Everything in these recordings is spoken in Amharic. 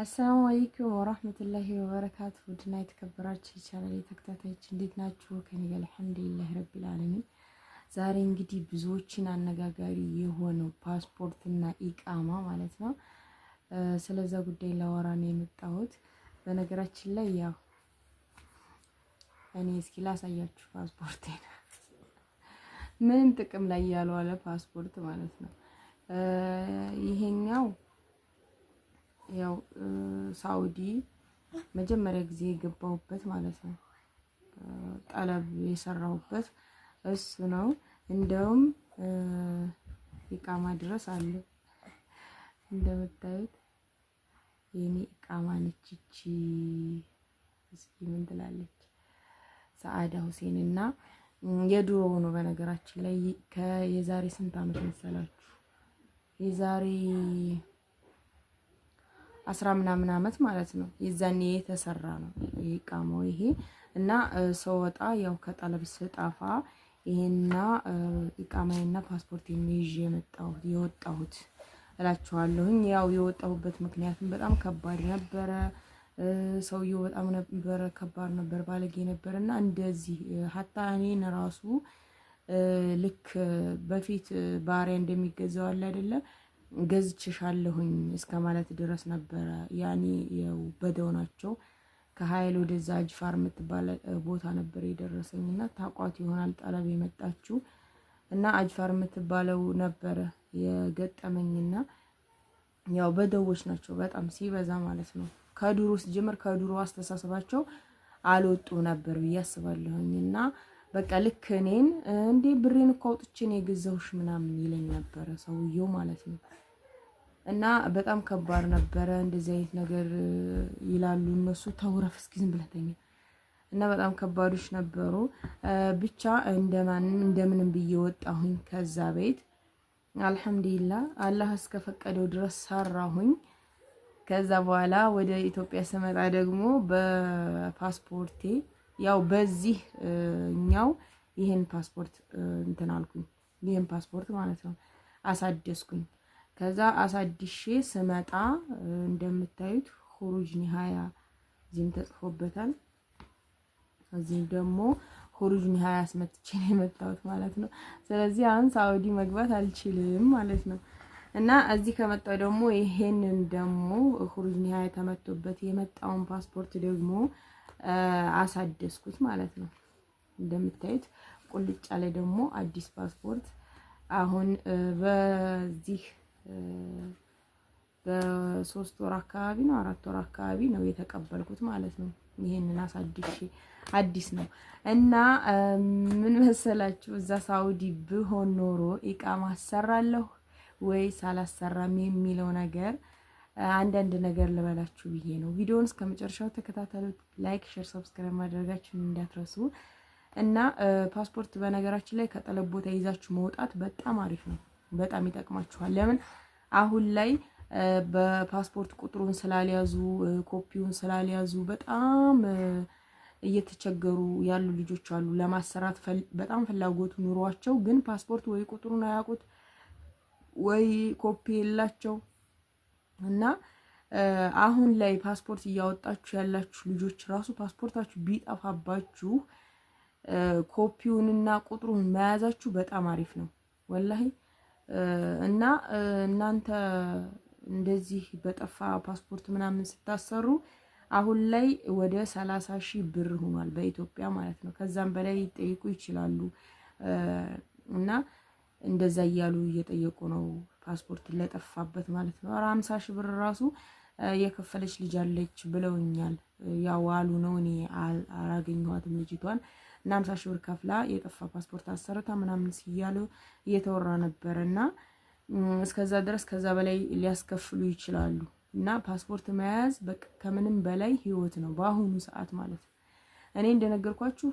አሰላሙ አለይኩም ወራህመቱላሂ ወበረካቱ ውድና የተከበራችሁ የቻናሌ ተከታታዮች እንዴት ናችሁ? ከኔ ጋር አልሐምዱሊላህ ረብል ዓለሚን። ዛሬ እንግዲህ ብዙዎችን አነጋጋሪ የሆነው ፓስፖርትና ኢቃማ ማለት ነው፣ ስለዛ ጉዳይ ላወራ ነው የመጣሁት። በነገራችን ላይ ያው እኔ እስኪ ላሳያችሁ ፓስፖርቴን፣ ምንም ጥቅም ላይ ያለዋለ ፓስፖርት ማለት ነው ይሄኛው ያው ሳውዲ መጀመሪያ ጊዜ የገባሁበት ማለት ነው። ጠለብ የሰራሁበት እሱ ነው። እንደውም ኢቃማ ድረስ አለ እንደምታዩት የኔ ኢቃማ ነችቺ። እስኪ ምን ትላለች? ሰአዳ ሁሴን እና የድሮው ሆኖ በነገራችን ላይ ከየዛሬ ስንት አመት መሰላችሁ? የዛሬ አስራ ምናምን አመት ማለት ነው። የዛኔ የተሰራ ነው ይሄ ቃማው ይሄ እና ሰወጣ ያው ከጠለብ ስጠፋ ይሄና ኢቃማዬና ፓስፖርት ይዤ የመጣሁት የወጣሁት እላችኋለሁኝ። ያው የወጣሁበት ምክንያትም በጣም ከባድ ነበረ። ሰውየው በጣም ነበረ ከባድ ነበር፣ ባለጌ ነበር እና እንደዚህ ሀታ እኔን ራሱ ልክ በፊት ባሪያ እንደሚገዛው አለ አይደለም ገዝችሻለሁኝ እስከ ማለት ድረስ ነበረ። ያኔ የው በደው ናቸው ከሀይል ወደዛ አጅፋር የምትባል ቦታ ነበር የደረሰኝ እና ታቋት ይሆናል ጠለብ የመጣችው እና አጅፋር የምትባለው ነበረ የገጠመኝና ያው በደዎች ናቸው በጣም ሲበዛ ማለት ነው። ከዱሮ ስጀምር ከዱሮ አስተሳሰባቸው አልወጡ ነበር ብዬ አስባለሁኝ እና በቃ ልክ እኔን እንዴ ብሬን እኮ አውጥቼ ነው የገዛሁሽ ምናምን ይለኝ ነበረ ሰውየው ማለት ነው። እና በጣም ከባድ ነበረ። እንደዚህ አይነት ነገር ይላሉ እነሱ ተውረፍ እስኪ ዝም ብለተኛ እና በጣም ከባዶች ነበሩ። ብቻ እንደማንም እንደምንም ብዬ ወጣሁኝ ከዛ ቤት አልሐምዱሊላ አላህ እስከፈቀደው ድረስ ሰራሁኝ። ከዛ በኋላ ወደ ኢትዮጵያ ስመጣ ደግሞ በፓስፖርቴ ያው በዚህ እኛው ይሄን ፓስፖርት እንትን አልኩኝ ይሄን ፓስፖርት ማለት ነው አሳደስኩኝ። ከዛ አሳድሼ ስመጣ እንደምታዩት ሁሩጅ ኒሃያ እዚህም ተጽፎበታል። እዚህም ደግሞ ሁሩጅ ኒሃያ አስመጥቼ ነው የመጣሁት ማለት ነው። ስለዚህ አሁን ሳውዲ መግባት አልችልም ማለት ነው። እና እዚህ ከመጣው ደግሞ ይሄንን ደግሞ ሁሩጅ ኒሃያ ተመቶበት የመጣውን ፓስፖርት ደግሞ አሳደስኩት ማለት ነው። እንደምታዩት ቁልጫ ላይ ደግሞ አዲስ ፓስፖርት አሁን በዚህ በሶስት ወር አካባቢ ነው አራት ወር አካባቢ ነው የተቀበልኩት ማለት ነው። ይሄንን አሳድሼ አዲስ ነው እና ምን መሰላችሁ፣ እዛ ሳውዲ ብሆን ኖሮ ኢቃማ አሰራለሁ ወይስ አላሰራም የሚለው ነገር አንዳንድ ነገር ልበላችሁ ብዬ ነው። ቪዲዮውን እስከ መጨረሻው ተከታተሉት። ላይክ፣ ሼር፣ ሰብስክራይብ ማድረጋችሁን እንዳትረሱ እና ፓስፖርት በነገራችን ላይ ከጠለብ ቦታ ይዛችሁ መውጣት በጣም አሪፍ ነው። በጣም ይጠቅማችኋል። ለምን አሁን ላይ በፓስፖርት ቁጥሩን ስላልያዙ ኮፒውን ስላልያዙ በጣም እየተቸገሩ ያሉ ልጆች አሉ። ለማሰራት በጣም ፍላጎቱ ኑሯቸው ግን ፓስፖርት ወይ ቁጥሩን አያውቁት ወይ ኮፒ የላቸው እና አሁን ላይ ፓስፖርት እያወጣችሁ ያላችሁ ልጆች ራሱ ፓስፖርታችሁ ቢጠፋባችሁ ኮፒውንና ቁጥሩን መያዛችሁ በጣም አሪፍ ነው ወላሂ። እና እናንተ እንደዚህ በጠፋ ፓስፖርት ምናምን ስታሰሩ አሁን ላይ ወደ ሰላሳ ሺህ ብር ሆኗል በኢትዮጵያ ማለት ነው። ከዛም በላይ ሊጠይቁ ይችላሉ እና እንደዛ እያሉ እየጠየቁ ነው ፓስፖርት ለጠፋበት ማለት ነው። ኧረ ሀምሳ ሺህ ብር ራሱ የከፈለች ልጅ አለች ብለውኛል። ያው አሉ ነው እኔ አላገኘኋትም ልጅቷን እና ሀምሳ ሺህ ብር ከፍላ የጠፋ ፓስፖርት አሰርታ ምናምን ሲያሉ እየተወራ ነበር እና እስከዛ ድረስ ከዛ በላይ ሊያስከፍሉ ይችላሉ እና ፓስፖርት መያዝ ከምንም በላይ ህይወት ነው በአሁኑ ሰዓት ማለት ነው። እኔ እንደነገርኳችሁ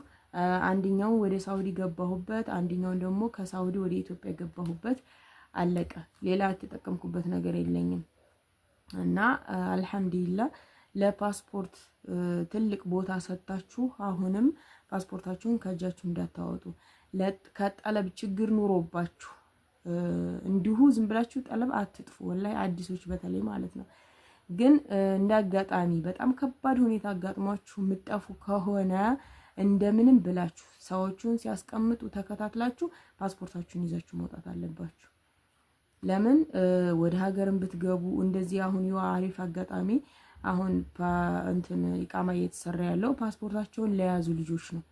አንድኛው ወደ ሳውዲ ገባሁበት፣ አንደኛውን ደግሞ ከሳውዲ ወደ ኢትዮጵያ ገባሁበት። አለቀ። ሌላ የተጠቀምኩበት ነገር የለኝም እና አልሐምዱሊላ ለፓስፖርት ትልቅ ቦታ ሰጥታችሁ አሁንም ፓስፖርታችሁን ከእጃችሁ እንዳታወጡ። ከጠለብ ችግር ኑሮባችሁ እንዲሁ ዝም ብላችሁ ጠለብ አትጥፉ። ወላይ አዲሶች በተለይ ማለት ነው። ግን እንደ አጋጣሚ በጣም ከባድ ሁኔታ አጋጥሟችሁ የምጠፉ ከሆነ እንደምንም ብላችሁ ሰዎቹን ሲያስቀምጡ ተከታትላችሁ ፓስፖርታችሁን ይዛችሁ መውጣት አለባችሁ። ለምን ወደ ሀገርን ብትገቡ እንደዚህ አሁን ይኸው አሪፍ አጋጣሚ አሁን እንትን ኢቃማ እየተሰራ ያለው ፓስፖርታቸውን ለያዙ ልጆች ነው።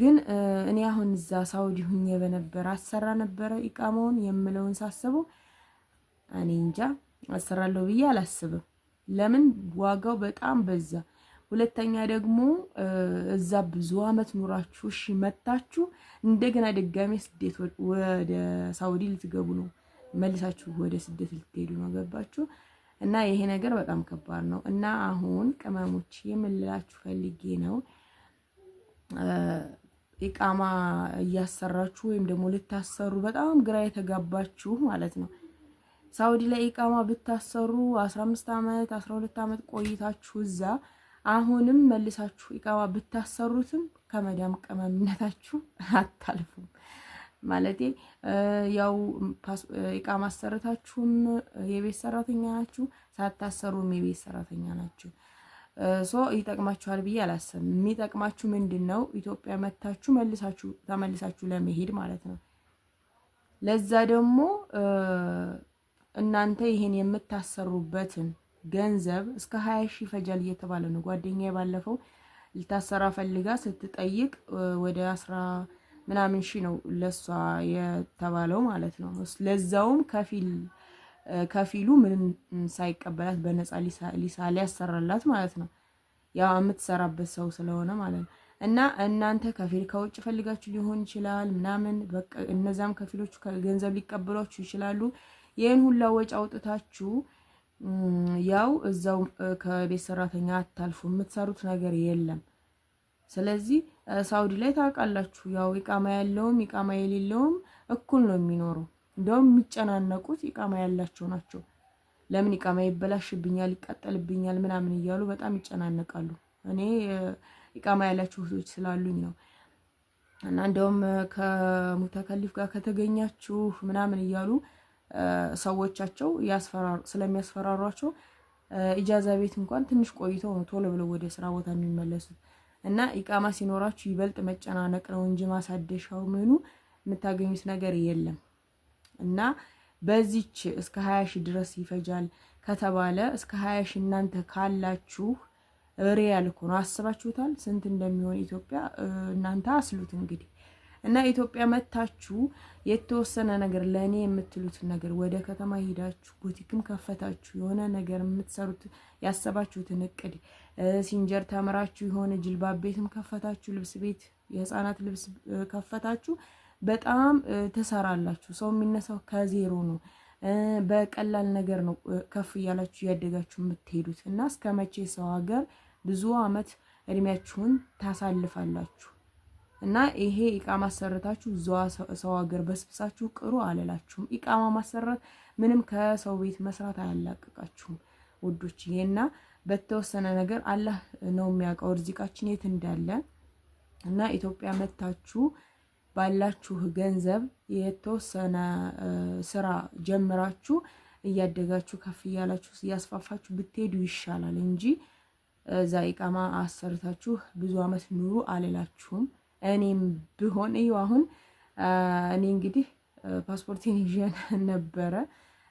ግን እኔ አሁን እዛ ሳውዲ ሁኜ በነበረ አሰራ ነበረ ኢቃማውን የምለውን ሳስበው እኔ እንጃ አሰራለሁ ብዬ አላስብም። ለምን ዋጋው በጣም በዛ። ሁለተኛ ደግሞ እዛ ብዙ አመት ኑራችሁ እሺ መታችሁ እንደገና ድጋሜ ስደት ወደ ሳውዲ ልትገቡ ነው መልሳችሁ ወደ ስደት ልትሄዱ ነው። ገባችሁ? እና ይሄ ነገር በጣም ከባድ ነው። እና አሁን ቅመሞች የምንላችሁ ፈልጌ ነው ኢቃማ እያሰራችሁ ወይም ደግሞ ልታሰሩ በጣም ግራ የተጋባችሁ ማለት ነው። ሳውዲ ላይ ኢቃማ ብታሰሩ 15 ዓመት 12 ዓመት ቆይታችሁ እዛ አሁንም መልሳችሁ ኢቃማ ብታሰሩትም ከመዳም ቅመምነታችሁ አታልፉም። ማለቴ ያው እቃ ማሰረታችሁም የቤት ሰራተኛ ናችሁ፣ ሳታሰሩም የቤት ሰራተኛ ናችሁ። ሶ ይጠቅማችኋል ብዬ አላስብም። የሚጠቅማችሁ ምንድን ነው? ኢትዮጵያ መታችሁ መልሳችሁ ተመልሳችሁ ለመሄድ ማለት ነው። ለዛ ደግሞ እናንተ ይሄን የምታሰሩበትን ገንዘብ እስከ ሀያ ሺህ ይፈጃል እየተባለ ነው። ጓደኛ ባለፈው ልታሰራ ፈልጋ ስትጠይቅ ወደ አስራ ምናምን ሺ ነው ለሷ የተባለው ማለት ነው። ለዛውም ከፊል ከፊሉ ምንም ሳይቀበላት በነፃ ሊሳ ሊያሰራላት ማለት ነው። ያው የምትሰራበት ሰው ስለሆነ ማለት ነው። እና እናንተ ከፊል ከውጭ ፈልጋችሁ ሊሆን ይችላል ምናምን በቃ እነዛም ከፊሎቹ ገንዘብ ሊቀበሏችሁ ይችላሉ። ይህን ሁላ ወጪ አውጥታችሁ ያው እዛው ከቤት ሰራተኛ አታልፉ፣ የምትሰሩት ነገር የለም። ስለዚህ ሳውዲ ላይ ታውቃላችሁ፣ ያው ኢቃማ ያለውም ኢቃማ የሌለውም እኩል ነው የሚኖሩ። እንደውም የሚጨናነቁት ኢቃማ ያላቸው ናቸው። ለምን ኢቃማ ይበላሽብኛል፣ ይቃጠልብኛል ምናምን እያሉ በጣም ይጨናነቃሉ። እኔ ኢቃማ ያላቸው እህቶች ስላሉኝ ነው። እና እንደውም ከሙተከሊፍ ጋር ከተገኛችሁ ምናምን እያሉ ሰዎቻቸው ስለሚያስፈራሯቸው ኢጃዛ ቤት እንኳን ትንሽ ቆይተው ነው ቶሎ ብለው ወደ ስራ ቦታ የሚመለሱት። እና ኢቃማ ሲኖራችሁ ይበልጥ መጨናነቅ ነው እንጂ ማሳደሻው ምኑ የምታገኙት ነገር የለም እና በዚች እስከ 20 ሺህ ድረስ ይፈጃል ከተባለ እስከ 20 ሺህ እናንተ ካላችሁ ሪያል እኮ ነው። አስባችሁታል? ስንት እንደሚሆን ኢትዮጵያ እናንተ አስሉት እንግዲህ እና ኢትዮጵያ መታችሁ የተወሰነ ነገር ለእኔ የምትሉትን ነገር ወደ ከተማ ሄዳችሁ ቡቲክም ከፈታችሁ የሆነ ነገር የምትሰሩት ያሰባችሁትን እቅድ ሲንጀር ተምራችሁ የሆነ ጅልባብ ቤትም ከፈታችሁ ልብስ ቤት የህፃናት ልብስ ከፈታችሁ በጣም ትሰራላችሁ። ሰው የሚነሳው ከዜሮ ነው። በቀላል ነገር ነው ከፍ እያላችሁ እያደጋችሁ የምትሄዱት እና እስከ መቼ ሰው ሀገር ብዙ አመት እድሜያችሁን ታሳልፋላችሁ? እና ይሄ እቃ ማሰረታችሁ እዛዋ ሰው ሀገር በስብሳችሁ ቅሩ አልላችሁም። እቃማ ማሰራት ምንም ከሰው ቤት መስራት አያላቅቃችሁም ውዶችዬ። ይሄና በተወሰነ ነገር አላህ ነው የሚያውቀው ርዚቃችን የት እንዳለ እና ኢትዮጵያ መታችሁ ባላችሁ ገንዘብ የተወሰነ ስራ ጀምራችሁ እያደጋችሁ ከፍ እያላችሁ እያስፋፋችሁ ብትሄዱ ይሻላል እንጂ እዛ ኢቃማ አሰርታችሁ ብዙ አመት ኑሩ አልላችሁም። እኔም ብሆን እዩ አሁን እኔ እንግዲህ ፓስፖርቴን ይዤን ነበረ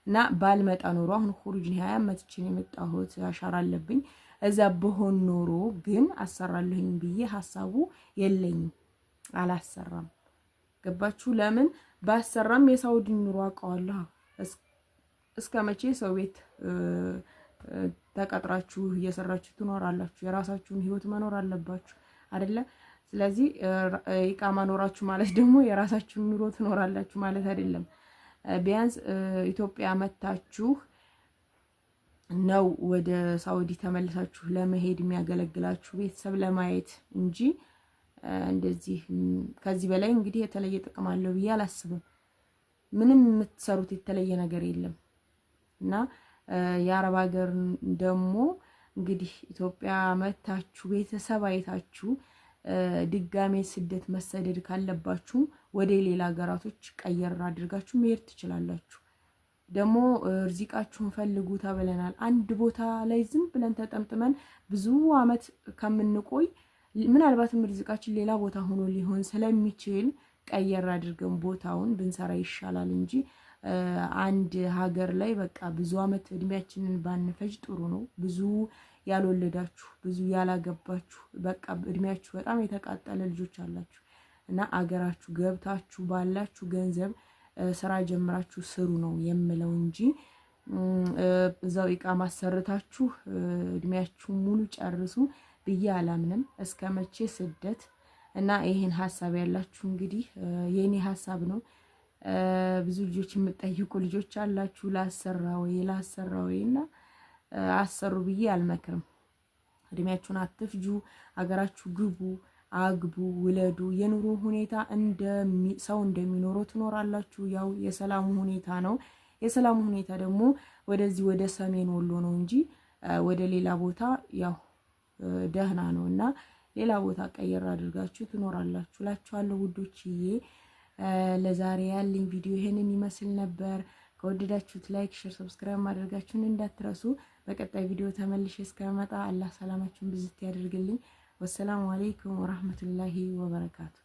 እና ባልመጣ ኖሮ አሁን ሁሩጅ ሀያ መትችን የመጣሁት አሻራ አለብኝ እዛ በሆን ኖሮ ግን አሰራለሁኝ ብዬ ሀሳቡ የለኝም። አላሰራም። ገባችሁ? ለምን ባሰራም የሳውዲን ኑሮ አውቀዋለሁ። እስከ መቼ ሰው ቤት ተቀጥራችሁ እየሰራችሁ ትኖራላችሁ? የራሳችሁን ህይወት መኖር አለባችሁ አይደለ? ስለዚህ ኢቃማ ኖራችሁ ማለት ደግሞ የራሳችሁን ኑሮ ትኖራላችሁ ማለት አይደለም። ቢያንስ ኢትዮጵያ መታችሁ ነው ወደ ሳውዲ ተመልሳችሁ ለመሄድ የሚያገለግላችሁ ቤተሰብ ለማየት እንጂ እንደዚህ ከዚህ በላይ እንግዲህ የተለየ ጥቅም አለው ብዬ አላስብም። ምንም የምትሰሩት የተለየ ነገር የለም እና የአረብ ሀገር ደግሞ እንግዲህ ኢትዮጵያ መታችሁ ቤተሰብ አይታችሁ ድጋሜ ስደት መሰደድ ካለባችሁ ወደ ሌላ ሀገራቶች ቀየር አድርጋችሁ መሄድ ትችላላችሁ። ደግሞ ርዚቃችሁን ፈልጉ ተብለናል። አንድ ቦታ ላይ ዝም ብለን ተጠምጥመን ብዙ አመት ከምንቆይ ምናልባትም ርዚቃችን ሌላ ቦታ ሆኖ ሊሆን ስለሚችል ቀየር አድርገን ቦታውን ብንሰራ ይሻላል እንጂ አንድ ሀገር ላይ በቃ ብዙ አመት እድሜያችንን ባንፈጅ ጥሩ ነው። ብዙ ያልወለዳችሁ ብዙ ያላገባችሁ በቃ እድሜያችሁ በጣም የተቃጠለ ልጆች አላችሁ እና አገራችሁ ገብታችሁ ባላችሁ ገንዘብ ስራ ጀምራችሁ ስሩ ነው የምለው እንጂ እዛው እቃ ማሰርታችሁ እድሜያችሁ ሙሉ ጨርሱ ብዬ አላምንም። እስከ መቼ ስደት እና ይህን ሀሳብ ያላችሁ እንግዲህ የኔ ሀሳብ ነው። ብዙ ልጆች የምጠይቁ ልጆች አላችሁ ላሰራ ወይ ላሰራ ወይ እና አሰሩ ብዬ አልመክርም። እድሜያችሁን አትፍጁ፣ አገራችሁ ግቡ፣ አግቡ፣ ውለዱ። የኑሮ ሁኔታ ሰው እንደሚኖረው ትኖራላችሁ። ያው የሰላሙ ሁኔታ ነው። የሰላሙ ሁኔታ ደግሞ ወደዚህ ወደ ሰሜን ወሎ ነው እንጂ ወደ ሌላ ቦታ ያው ደህና ነው እና ሌላ ቦታ ቀየር አድርጋችሁ ትኖራላችሁ እላችኋለሁ ውዶችዬ። ለዛሬ ያለኝ ቪዲዮ ይሄንን ይመስል ነበር። ከወደዳችሁት ላይክ፣ ሼር፣ ሰብስክራይብ ማድረጋችሁን እንዳትረሱ። በቀጣይ ቪዲዮ ተመልሼ እስከመጣ አላህ ሰላማችሁን ብዝት ያደርግልኝ። ወሰላሙ አሌይኩም ወራህመቱላሂ ወበረካቱ።